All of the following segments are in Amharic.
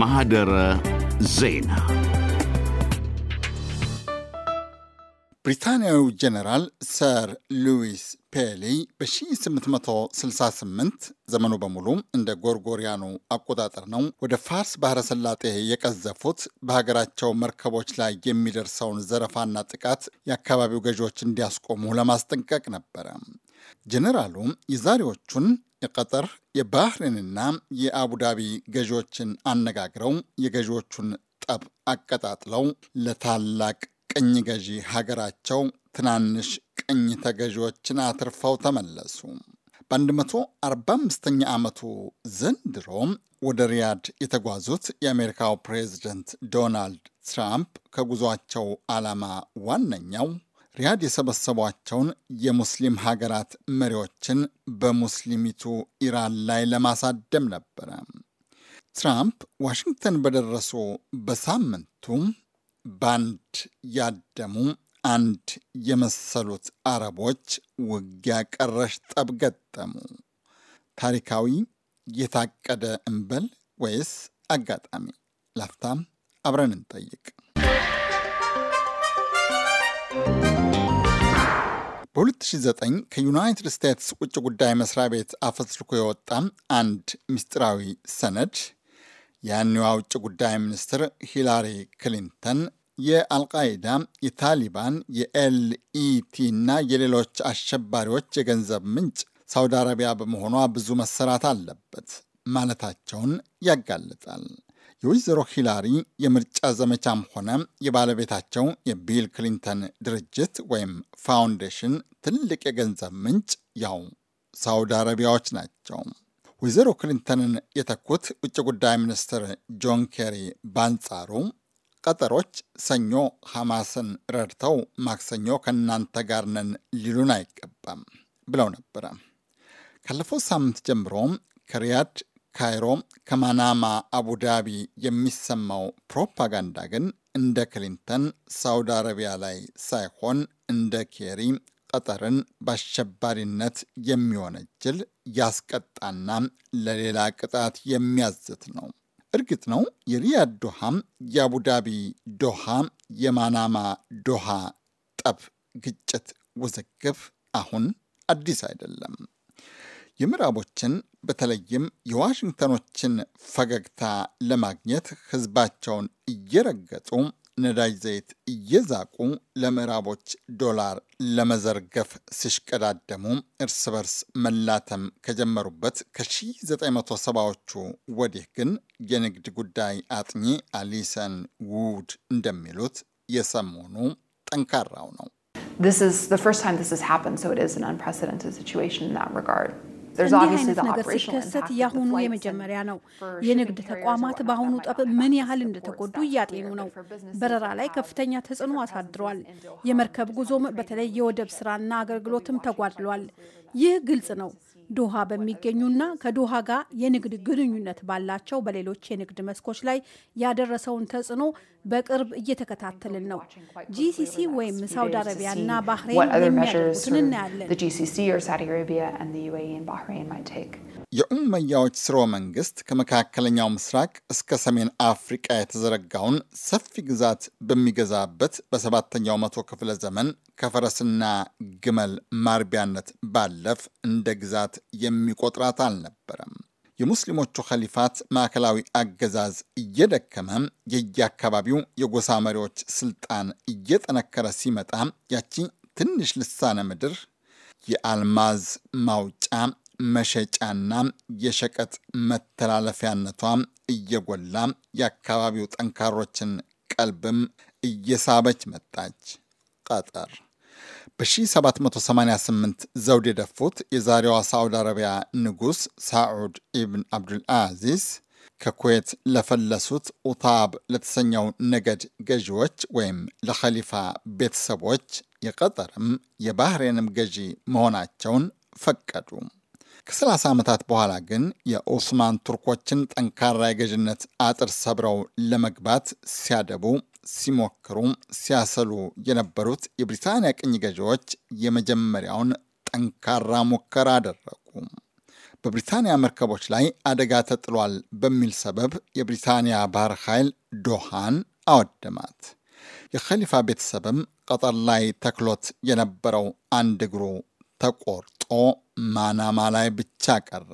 ማህደረ ዜና ብሪታንያዊ ጀነራል ሰር ሉዊስ ፔሊ በ1868 ዘመኑ በሙሉ እንደ ጎርጎሪያኑ አቆጣጠር ነው። ወደ ፋርስ ባህረ ሰላጤ የቀዘፉት በሀገራቸው መርከቦች ላይ የሚደርሰውን ዘረፋና ጥቃት የአካባቢው ገዢዎች እንዲያስቆሙ ለማስጠንቀቅ ነበረ። ጀኔራሉ የዛሬዎቹን የቀጠር የባህሬንና የአቡዳቢ ገዢዎችን አነጋግረው የገዢዎቹን ጠብ አቀጣጥለው ለታላቅ ቅኝ ገዢ ሀገራቸው ትናንሽ ቅኝ ተገዢዎችን አትርፈው ተመለሱ። በ145ኛ ዓመቱ ዘንድሮ ወደ ሪያድ የተጓዙት የአሜሪካው ፕሬዝደንት ዶናልድ ትራምፕ ከጉዟቸው ዓላማ ዋነኛው ሪያድ የሰበሰቧቸውን የሙስሊም ሀገራት መሪዎችን በሙስሊሚቱ ኢራን ላይ ለማሳደም ነበረ። ትራምፕ ዋሽንግተን በደረሱ በሳምንቱ በንድ ያደሙ አንድ የመሰሉት አረቦች ውጊያ ቀረሽ ጠብ ገጠሙ። ታሪካዊ የታቀደ እንበል ወይስ አጋጣሚ? ላፍታም አብረን እንጠይቅ። በ2009 ከዩናይትድ ስቴትስ ውጭ ጉዳይ መስሪያ ቤት አፈትልኮ የወጣ አንድ ምስጢራዊ ሰነድ ያኔዋ ውጭ ጉዳይ ሚኒስትር ሂላሪ ክሊንተን የአልቃይዳ፣ የታሊባን፣ የኤልኢቲ እና የሌሎች አሸባሪዎች የገንዘብ ምንጭ ሳውዲ አረቢያ በመሆኗ ብዙ መሰራት አለበት ማለታቸውን ያጋልጣል። የወይዘሮ ሂላሪ የምርጫ ዘመቻም ሆነ የባለቤታቸው የቢል ክሊንተን ድርጅት ወይም ፋውንዴሽን ትልቅ የገንዘብ ምንጭ ያው ሳውዲ አረቢያዎች ናቸው። ወይዘሮ ክሊንተንን የተኩት ውጭ ጉዳይ ሚኒስትር ጆን ኬሪ ባንጻሩ ቀጠሮች ሰኞ ሐማስን ረድተው ማክሰኞ ከእናንተ ጋር ነን ሊሉን አይገባም ብለው ነበረ። ካለፈው ሳምንት ጀምሮ ከሪያድ ካይሮ፣ ከማናማ አቡዳቢ የሚሰማው ፕሮፓጋንዳ ግን እንደ ክሊንተን ሳውዲ አረቢያ ላይ ሳይሆን እንደ ኬሪ ቀጠርን በአሸባሪነት የሚወነጅል ያስቀጣና ለሌላ ቅጣት የሚያዝት ነው። እርግጥ ነው የሪያድ ዶሃም፣ የአቡዳቢ ዶሃ፣ የማናማ ዶሃ ጠብ፣ ግጭት፣ ውዝግብ አሁን አዲስ አይደለም። የምዕራቦችን በተለይም የዋሽንግተኖችን ፈገግታ ለማግኘት ህዝባቸውን እየረገጡ ነዳጅ ዘይት እየዛቁ ለምዕራቦች ዶላር ለመዘርገፍ ሲሽቀዳደሙ እርስ በርስ መላተም ከጀመሩበት ከ1970ዎቹ ወዲህ ግን የንግድ ጉዳይ አጥኚ አሊሰን ውድ እንደሚሉት የሰሞኑ ጠንካራው ነው። This is the first time this has happened, so it is an unprecedented situation in that regard. እንዲህ አይነት ነገር ሲከሰት ያሁኑ የመጀመሪያ ነው። የንግድ ተቋማት በአሁኑ ጠብ ምን ያህል እንደተጎዱ እያጤኑ ነው። በረራ ላይ ከፍተኛ ተጽዕኖ አሳድሯል። የመርከብ ጉዞም በተለይ የወደብ ስራና አገልግሎትም ተጓድሏል። ይህ ግልጽ ነው። ዶሃ በሚገኙና ከዶሃ ጋር የንግድ ግንኙነት ባላቸው በሌሎች የንግድ መስኮች ላይ ያደረሰውን ተጽዕኖ በቅርብ እየተከታተልን ነው። ጂሲሲ ወይም ሳውዲ አረቢያና ባህሬን የሚያደርጉትን እናያለን። የኡመያዎች ስርወ መንግስት ከመካከለኛው ምስራቅ እስከ ሰሜን አፍሪቃ የተዘረጋውን ሰፊ ግዛት በሚገዛበት በሰባተኛው መቶ ክፍለ ዘመን ከፈረስና ግመል ማርቢያነት ባለፍ እንደ ግዛት የሚቆጥራት አልነበረም። የሙስሊሞቹ ኸሊፋት ማዕከላዊ አገዛዝ እየደከመ የየአካባቢው የጎሳ መሪዎች ስልጣን እየጠነከረ ሲመጣ ያቺ ትንሽ ልሳነ ምድር የአልማዝ ማውጫ መሸጫና የሸቀጥ መተላለፊያነቷ እየጎላ የአካባቢው ጠንካሮችን ቀልብም እየሳበች መጣች። ቀጠር በ1788 ዘውድ የደፉት የዛሬዋ ሳዑድ አረቢያ ንጉሥ ሳዑድ ኢብን አብዱልአዚዝ ከኩዌት ለፈለሱት ኡታብ ለተሰኘው ነገድ ገዢዎች ወይም ለኸሊፋ ቤተሰቦች የቀጠርም የባህሬንም ገዢ መሆናቸውን ፈቀዱ። ከ30 ዓመታት በኋላ ግን የኦስማን ቱርኮችን ጠንካራ የገዥነት አጥር ሰብረው ለመግባት ሲያደቡ ሲሞክሩ ሲያሰሉ የነበሩት የብሪታንያ ቅኝ ገዢዎች የመጀመሪያውን ጠንካራ ሙከራ አደረጉ። በብሪታንያ መርከቦች ላይ አደጋ ተጥሏል በሚል ሰበብ የብሪታንያ ባህር ኃይል ዶሃን አወደማት። የኸሊፋ ቤተሰብም ቀጠር ላይ ተክሎት የነበረው አንድ እግሩ ተቆርጦ ማናማ ላይ ብቻ ቀረ።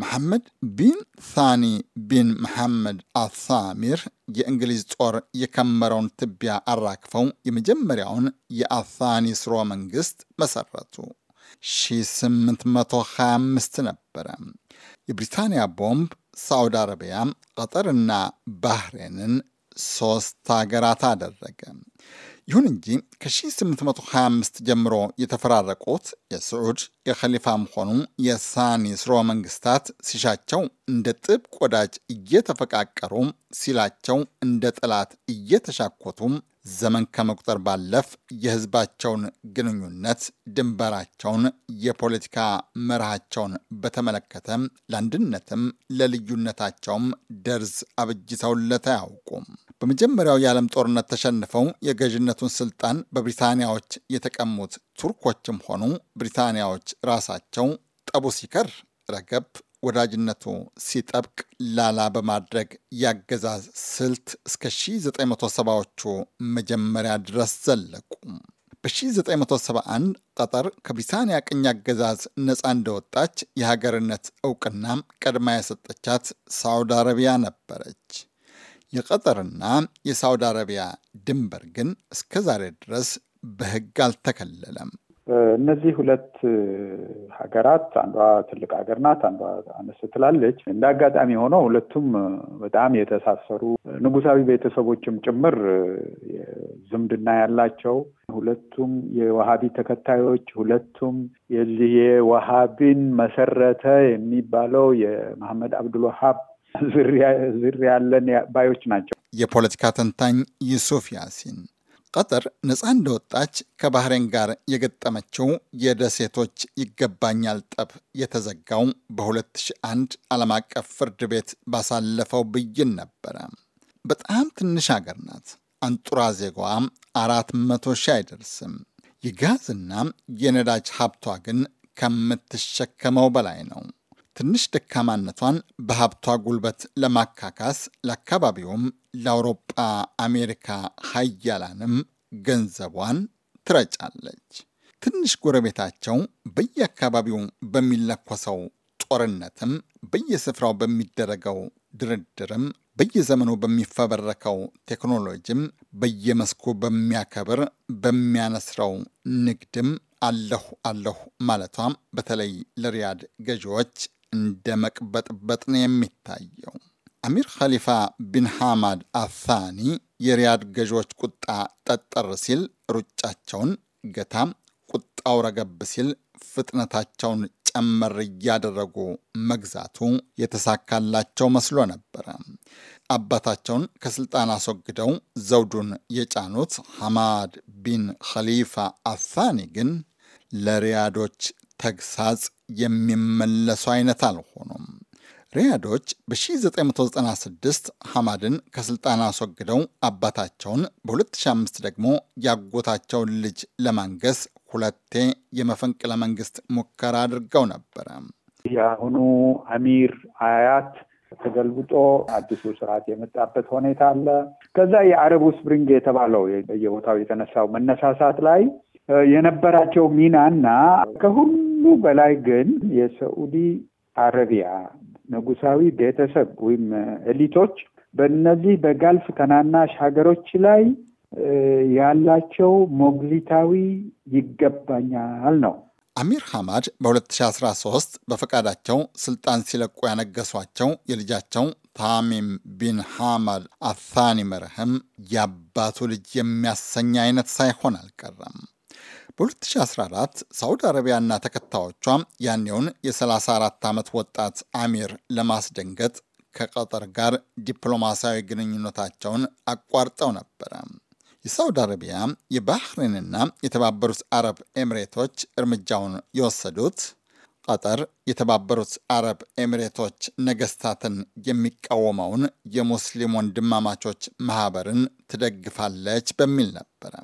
መሐመድ ቢን ሳኒ ቢን መሐመድ አሳሚር የእንግሊዝ ጦር የከመረውን ትቢያ አራክፈው የመጀመሪያውን ስሮ መንግስት መሰረቱ። 1825 ነበረ። የብሪታንያ ቦምብ ሳውዲ አረቢያ፣ ቀጠርና ባህሬንን ሶስት ሀገራት አደረገ። ይሁን እንጂ ከ1825 ጀምሮ የተፈራረቁት የስዑድ የከሊፋ ሆኑ የሳኒ ስርወ መንግስታት ሲሻቸው እንደ ጥብቅ ወዳጅ እየተፈቃቀሩ ሲላቸው እንደ ጠላት እየተሻኮቱም ዘመን ከመቁጠር ባለፍ የህዝባቸውን ግንኙነት፣ ድንበራቸውን፣ የፖለቲካ መርሃቸውን በተመለከተ ለአንድነትም ለልዩነታቸውም ደርዝ አብጅተውለት አያውቁም። በመጀመሪያው የዓለም ጦርነት ተሸንፈው የገዥነቱን ስልጣን በብሪታንያዎች የተቀሙት ቱርኮችም ሆኑ ብሪታንያዎች ራሳቸው ጠቡ ሲከር ረገብ ወዳጅነቱ ሲጠብቅ ላላ በማድረግ ያገዛዝ ስልት እስከ 1970ዎቹ መጀመሪያ ድረስ ዘለቁ። በ1971 ጠጠር ከብሪታንያ ቅኝ አገዛዝ ነፃ እንደወጣች የሀገርነት እውቅና ቀድማ የሰጠቻት ሳውዲ አረቢያ ነበረች። የቀጠርና የሳውዲ አረቢያ ድንበር ግን እስከ ዛሬ ድረስ በህግ አልተከለለም። እነዚህ ሁለት ሀገራት አንዷ ትልቅ ሀገር ናት፣ አንዷ አነስ ትላለች። እንደ አጋጣሚ ሆነው ሁለቱም በጣም የተሳሰሩ ንጉሳዊ ቤተሰቦችም ጭምር ዝምድና ያላቸው ሁለቱም የወሃቢ ተከታዮች ሁለቱም የዚህ የወሃቢን መሰረተ የሚባለው የመሐመድ ወሃብ። ዝር ያለን ባዮች ናቸው። የፖለቲካ ተንታኝ ዩሱፍ ያሲን ቀጠር ነፃ እንደወጣች ከባህሬን ጋር የገጠመችው የደሴቶች ይገባኛል ጠብ የተዘጋው በ2001 ዓለም አቀፍ ፍርድ ቤት ባሳለፈው ብይን ነበረ። በጣም ትንሽ አገር ናት። አንጡራ ዜጋዋ 400 መቶ ሺህ አይደርስም። የጋዝና የነዳጅ ሀብቷ ግን ከምትሸከመው በላይ ነው። ትንሽ ደካማነቷን በሀብቷ ጉልበት ለማካካስ ለአካባቢውም ለአውሮጳ አሜሪካ ሀያላንም ገንዘቧን ትረጫለች። ትንሽ ጎረቤታቸው በየአካባቢው በሚለኮሰው ጦርነትም በየስፍራው በሚደረገው ድርድርም በየዘመኑ በሚፈበረከው ቴክኖሎጂም በየመስኩ በሚያከብር በሚያነስረው ንግድም አለሁ አለሁ ማለቷም በተለይ ለሪያድ ገዢዎች እንደ መቅበጥበጥ ነው የሚታየው። አሚር ኸሊፋ ቢን ሐማድ አሳኒ የሪያድ ገዢዎች ቁጣ ጠጠር ሲል ሩጫቸውን ገታም፣ ቁጣው ረገብ ሲል ፍጥነታቸውን ጨመር እያደረጉ መግዛቱ የተሳካላቸው መስሎ ነበረ። አባታቸውን ከስልጣን አስወግደው ዘውዱን የጫኑት ሐማድ ቢን ኸሊፋ አሳኒ ግን ለሪያዶች ተግሳጽ የሚመለሱ አይነት አልሆኑም። ሪያዶች በ1996 ሐማድን ከሥልጣን አስወግደው አባታቸውን በ2005 ደግሞ ያጎታቸውን ልጅ ለማንገስ ሁለቴ የመፈንቅለ መንግስት ሙከራ አድርገው ነበረ። የአሁኑ አሚር አያት ተገልብጦ አዲሱ ስርዓት የመጣበት ሁኔታ አለ። ከዛ የአረቡ ስፕሪንግ የተባለው በየቦታው የተነሳው መነሳሳት ላይ የነበራቸው ሚና እና ከሁሉ በላይ ግን የሰዑዲ አረቢያ ንጉሳዊ ቤተሰብ ወይም ኤሊቶች በእነዚህ በጋልፍ ተናናሽ ሀገሮች ላይ ያላቸው ሞግዚታዊ ይገባኛል ነው። አሚር ሐማድ በ2013 በፈቃዳቸው ስልጣን ሲለቁ ያነገሷቸው የልጃቸው ታሚም ቢን ሐማድ አታኒ መርህም የአባቱ ልጅ የሚያሰኝ አይነት ሳይሆን አልቀረም። በ2014 ሳውዲ አረቢያና ተከታዮቿ ያኔውን የ34 ዓመት ወጣት አሚር ለማስደንገጥ ከቀጠር ጋር ዲፕሎማሲያዊ ግንኙነታቸውን አቋርጠው ነበረ። የሳውዲ አረቢያ የባህሬንና የተባበሩት አረብ ኤሚሬቶች እርምጃውን የወሰዱት ቀጠር የተባበሩት አረብ ኤሚሬቶች ነገስታትን የሚቃወመውን የሙስሊም ወንድማማቾች ማህበርን ትደግፋለች በሚል ነበረ።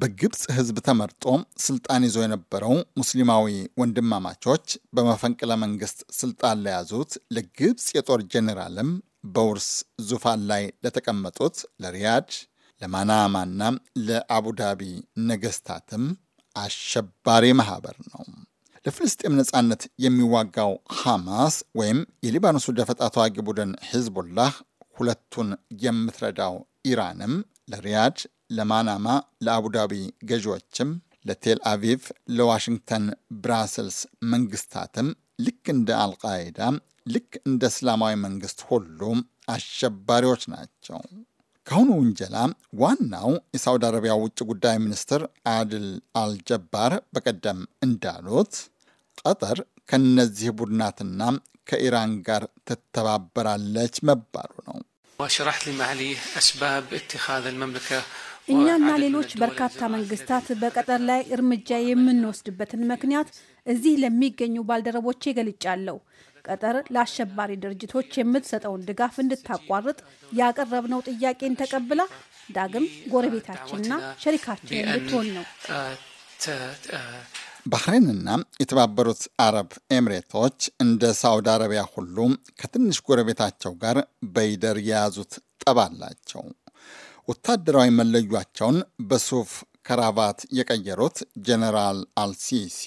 በግብፅ ህዝብ ተመርጦ ስልጣን ይዞ የነበረው ሙስሊማዊ ወንድማማቾች በመፈንቅለ መንግስት ስልጣን ለያዙት ለግብፅ የጦር ጄኔራልም በውርስ ዙፋን ላይ ለተቀመጡት ለሪያድ ለማናማና ለአቡዳቢ ነገስታትም አሸባሪ ማህበር ነው። ለፍልስጤም ነፃነት የሚዋጋው ሐማስ ወይም የሊባኖሱ ደፈጣ ተዋጊ ቡድን ሂዝቡላህ ሁለቱን የምትረዳው ኢራንም ለሪያድ ለማናማ፣ ለአቡዳቢ ገዢዎችም፣ ለቴል አቪቭ፣ ለዋሽንግተን፣ ብራስልስ መንግስታትም ልክ እንደ አልቃይዳ ልክ እንደ እስላማዊ መንግስት ሁሉ አሸባሪዎች ናቸው። ከአሁኑ ውንጀላ ዋናው የሳውዲ አረቢያ ውጭ ጉዳይ ሚኒስትር አድል አልጀባር በቀደም እንዳሉት ቀጠር ከነዚህ ቡድናትና ከኢራን ጋር ትተባበራለች መባሉ ነው። እኛና ሌሎች በርካታ መንግስታት በቀጠር ላይ እርምጃ የምንወስድበትን ምክንያት እዚህ ለሚገኙ ባልደረቦቼ ገልጫለሁ። ቀጠር ለአሸባሪ ድርጅቶች የምትሰጠውን ድጋፍ እንድታቋርጥ ያቀረብነው ጥያቄን ተቀብላ ዳግም ጎረቤታችንና ሸሪካችን እንድትሆን ነው። ባህሬንና የተባበሩት አረብ ኤምሬቶች እንደ ሳውዲ አረቢያ ሁሉ ከትንሽ ጎረቤታቸው ጋር በይደር የያዙት ጠብ አላቸው። ወታደራዊ መለያቸውን በሱፍ ከራባት የቀየሩት ጀነራል አልሲሲ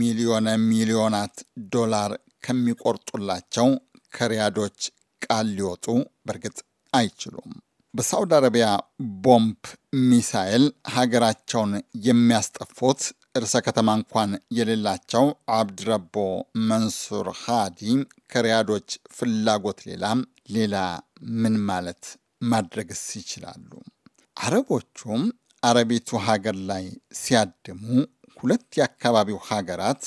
ሚሊዮነ ሚሊዮናት ዶላር ከሚቆርጡላቸው ከሪያዶች ቃል ሊወጡ በእርግጥ አይችሉም። በሳውዲ አረቢያ ቦምብ ሚሳኤል ሀገራቸውን የሚያስጠፉት እርሰ ከተማ እንኳን የሌላቸው አብድረቦ መንሱር ሃዲ ከሪያዶች ፍላጎት ሌላ ሌላ ምን ማለት ማድረግስ ይችላሉ? አረቦቹም አረቢቱ ሀገር ላይ ሲያድሙ ሁለት የአካባቢው ሀገራት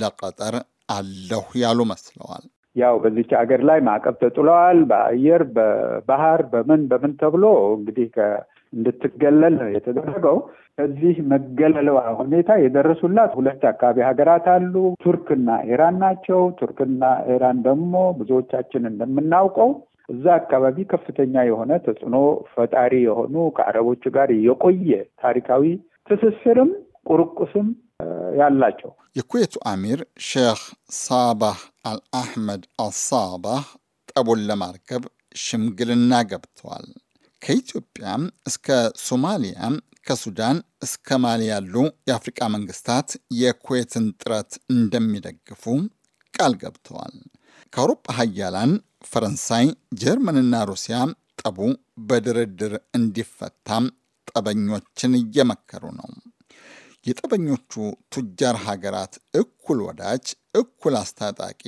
ለቀጠር አለሁ ያሉ መስለዋል። ያው በዚች ሀገር ላይ ማዕቀብ ተጥለዋል። በአየር በባህር በምን በምን ተብሎ እንግዲህ እንድትገለል የተደረገው ከዚህ መገለለዋ ሁኔታ የደረሱላት ሁለት አካባቢ ሀገራት አሉ። ቱርክና ኢራን ናቸው። ቱርክና ኢራን ደግሞ ብዙዎቻችን እንደምናውቀው እዛ አካባቢ ከፍተኛ የሆነ ተጽዕኖ ፈጣሪ የሆኑ ከአረቦች ጋር የቆየ ታሪካዊ ትስስርም ቁርቁስም ያላቸው የኩዌቱ አሚር ሼክ ሳባህ አልአሕመድ አልሳባህ ጠቡን ለማርከብ ሽምግልና ገብተዋል። ከኢትዮጵያም እስከ ሶማሊያ፣ ከሱዳን እስከ ማሊ ያሉ የአፍሪቃ መንግስታት የኩዌትን ጥረት እንደሚደግፉ ቃል ገብተዋል። ከአውሮፓ ሀያላን ፈረንሳይ፣ ጀርመንና ሩሲያ ጠቡ በድርድር እንዲፈታም ጠበኞችን እየመከሩ ነው። የጠበኞቹ ቱጃር ሀገራት እኩል ወዳጅ፣ እኩል አስታጣቂ፣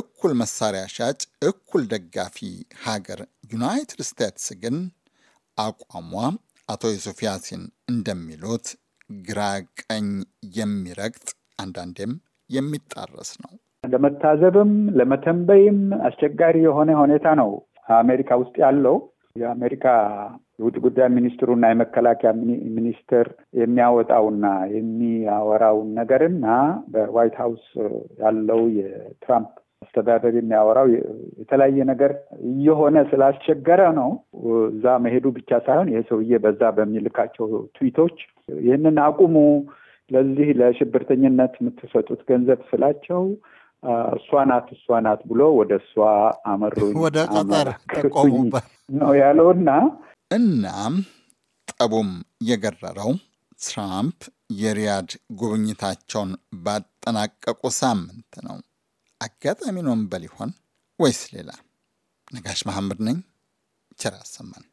እኩል መሳሪያ ሻጭ፣ እኩል ደጋፊ ሀገር ዩናይትድ ስቴትስ ግን አቋሟ አቶ ዩሱፍ ያሲን እንደሚሉት ግራ ቀኝ የሚረግጥ አንዳንዴም የሚጣረስ ነው። ለመታዘብም ለመተንበይም አስቸጋሪ የሆነ ሁኔታ ነው አሜሪካ ውስጥ ያለው። የአሜሪካ የውጭ ጉዳይ ሚኒስትሩና የመከላከያ ሚኒስትር የሚያወጣውና የሚያወራውን ነገርና በዋይት ሀውስ ያለው የትራምፕ አስተዳደር የሚያወራው የተለያየ ነገር እየሆነ ስላስቸገረ ነው። እዛ መሄዱ ብቻ ሳይሆን ይሄ ሰውዬ በዛ በሚልካቸው ትዊቶች ይህንን አቁሙ፣ ለዚህ ለሽብርተኝነት የምትሰጡት ገንዘብ ስላቸው እሷ ናት እሷ ናት ብሎ ወደ እሷ አመሩኝ ወደ ጠጠር ተቆሙበት ነው ያለውና እናም ጠቡም የገረረው ትራምፕ የሪያድ ጉብኝታቸውን ባጠናቀቁ ሳምንት ነው። አጋጣሚ ነው እንበል ይሆን ወይስ ሌላ? ነጋሽ መሐመድ ነኝ። ቸር አሰማን።